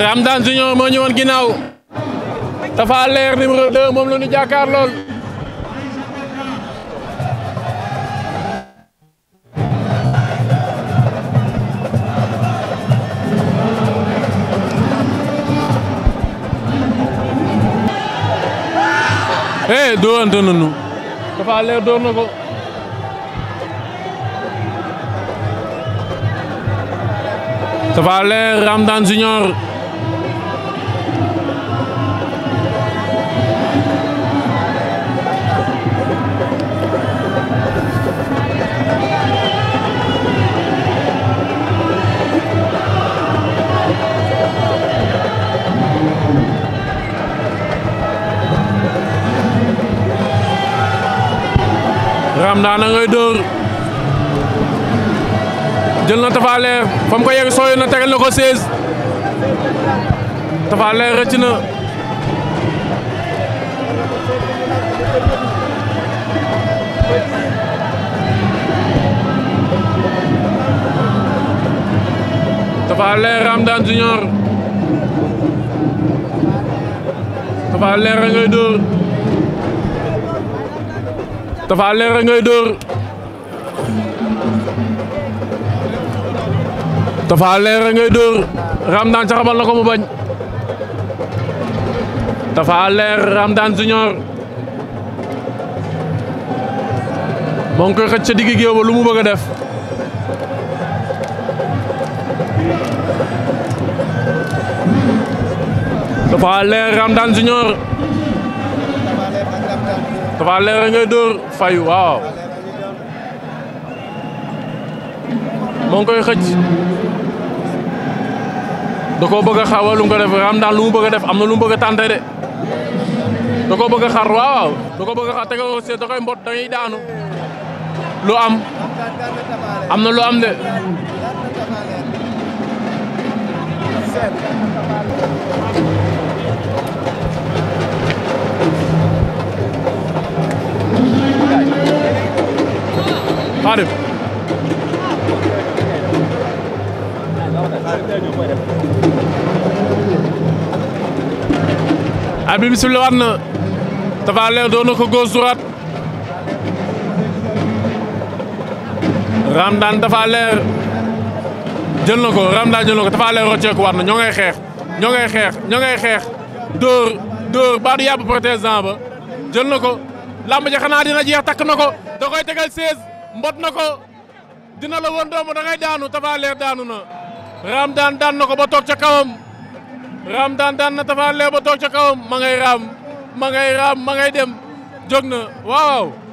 Ramdan Junior moo ñëwoon ginnaaw dafa Leer numéro 2 moom la ñu jàkkaar lool eh doonte nañu Tapha Leer doon Tapha Leer Ramdan Junior jël na Tapha Leer ko yewi sooy na tegal na ko 16 Tapha Leer rëcc na Tapha Leer Ramdan Junior dóor Tapha Leer dóor Tapha Leer ngay dóor daan caxabal na ko mu bañ Tapha Leer Ramdan Junior moo ngi koy xëcc ca digg géew lu mu bëgg a def Tapha Leer Ramdan Junior Tapha Leer ngay dóor fayu waaw moo koy xëcc da koo bëgg a xawa lu ko def xam daal lu mu bëgg def am na lu mu bëgg a tànte de da koo xar waaw waaw da koo xar tega ko seet da koy mbot da ngay daanu lu am am na lu am de xaadim arbitre bi na Tapha Leer doon na ko gauche droite Ramdan Tapha Leer jël na ko Ramdan jël na ko Tapha Leer rocceeku waat na ñoo ngay xeex ñoo ngay xeex ñoo ngay xeex dóor dóor baadu yàbb ba jël na ko làmb ja xanaa dina jeex takk na ko da koy tegal 16 mbot na ko dina la woon doomu da daanu Tapha Leer daanu na Ramdan daan na ko ba toog ca kawam raam taantaan na Tapha Lew ba toog ca kawam ma raam ma ngay raam ma dem jóg na waaw